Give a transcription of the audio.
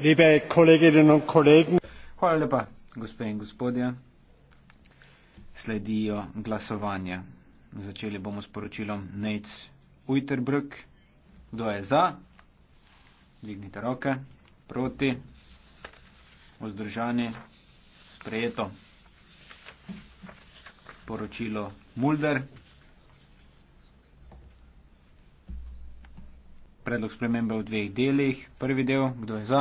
liebe Kolleginnen und Kollegen. Hvala lepa, gospe in gospodje. Sledijo glasovanje. Začeli bomo s poročilom Nate Uiterbrück. Kdo je za? Dvignite roke. Proti? Vzdržani? Sprejeto. Poročilo Mulder. Predlog spremembe v dveh delih. Prvi del, kdo je za?